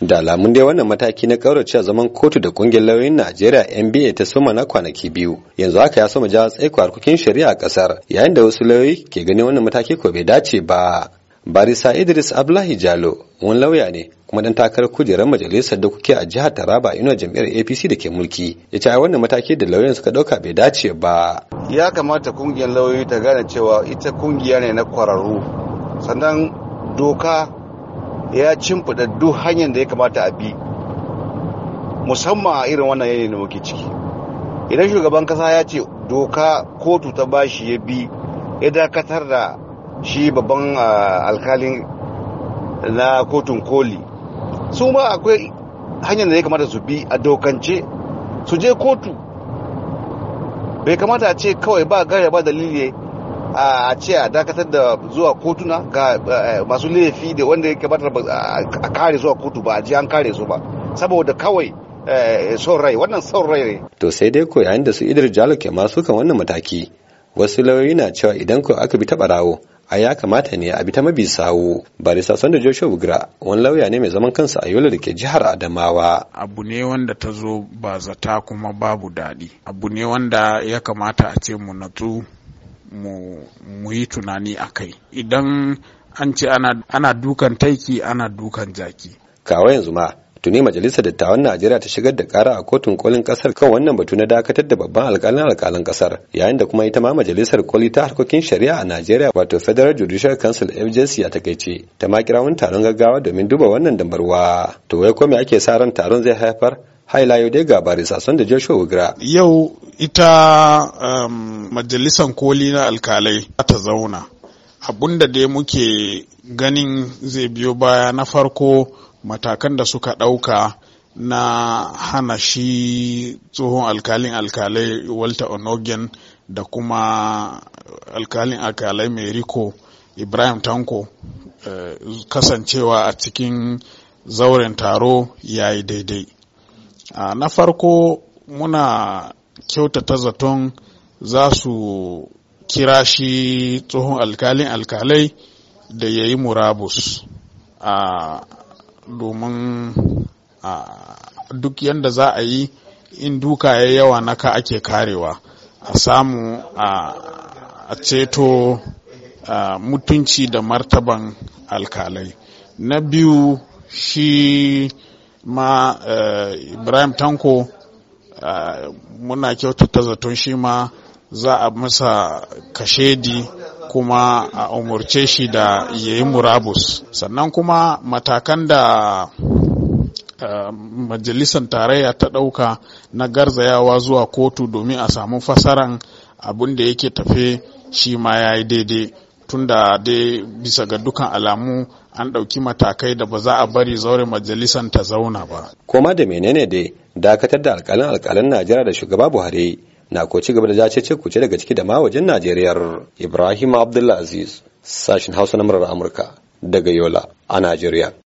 da alamun dai wannan mataki na kaurace zaman kotu da kungiyar lauyoyin Najeriya NBA ta soma na kwanaki biyu yanzu haka ya soma jawo tsaiko harkokin shari'a a kasar yayin da wasu lauyoyi ke ganin wannan mataki ko bai dace ba Barisa Idris Abdullahi Jalo wani lauya ne kuma dan takarar kujerar majalisar da kuke a jihar Taraba ino jam'iyyar APC da ke mulki ya ce wannan mataki da lauyoyin suka dauka bai dace ba ya kamata kungiyar lauyoyi ta gane cewa ita kungiya ne na kwararru sannan doka ya cin duk hanyar da ya kamata a bi musamman a irin wannan yanayin da muke ciki idan shugaban kasa ya ce doka kotu ta bashi ya bi ya dakatar da shi babban alkalin na kotun koli su ma akwai hanyar da ya kamata su bi a dokance su je kotu bai kamata a ce kawai ba gare ba dalili a ce a dakatar da zuwa kotuna ga eh, eh, masu laifi da wanda ya kamata a kare zuwa kotu ba a ji an kare su ba saboda kawai eh, son rai wannan son rai ne. to sai dai ko yayin da su idar jalo ke masu kan wannan mataki wasu lauyoyi na cewa idan ko aka bi ta barawo a ya kamata ne a bi ta mabi sawo barista sanda joshua bugra wani lauya ne mai zaman kansa a yola da ke jihar adamawa abu ne wanda ta zo ba zata kuma babu daɗi abu ne wanda ya kamata a ce mu natsu mu yi tunani a kai idan an ce ana dukan taiki ana dukan jaki kawo yanzu ma tuni majalisar dattawan najeriya ta shigar da kara a kotun kolin kasar kan wannan batu na dakatar da babban alkalin alkalin kasar yayin da kuma ita ma majalisar koli ta harkokin shari'a a najeriya wato federal judicial council fjc a takaice ta ma kira taron gaggawa domin duba wannan dambarwa to wai ko me ake sa ran taron zai haifar haila yau dai ga barisa da joshua wigra yau ita um, majalisan koli na alkalai ta zauna da dai muke ganin zai biyo baya na farko matakan da suka ɗauka na hana shi tsohon alkalin alkalai walter onogen da kuma alkalin alkalai mai riko ibrahim tanko uh, kasancewa a cikin zauren taro ya yi daidai a na farko muna kyautata zaton za su kira shi tsohon alkalin alkalai da ya yi murabus a domin duk yadda za a yi in duka ya yawa na naka ake karewa a samu a ceto mutunci da martaban alkalai na biyu shi ma eh, ibrahim tanko eh, muna kyautata zaton shi ma za a masa kashedi kuma a umurce shi da yayi murabus sannan kuma matakan da eh, majalisar tarayya ta ɗauka na garzayawa zuwa kotu domin a samu fasaran abin da yake tafe shi ma ya yi daidai tunda dai bisa ga dukan alamu an ɗauki matakai da ba za a bari zaure majalisan ta zauna ba. Koma da menene dai dakatar da alkalin alkalin Najeriya da shugaba Buhari na ko ci gaba da jace kuce daga ciki da ma wajen Najeriya. Ibrahim Abdullahi Aziz sashin Hausa na murar Amurka daga Yola a Najeriya.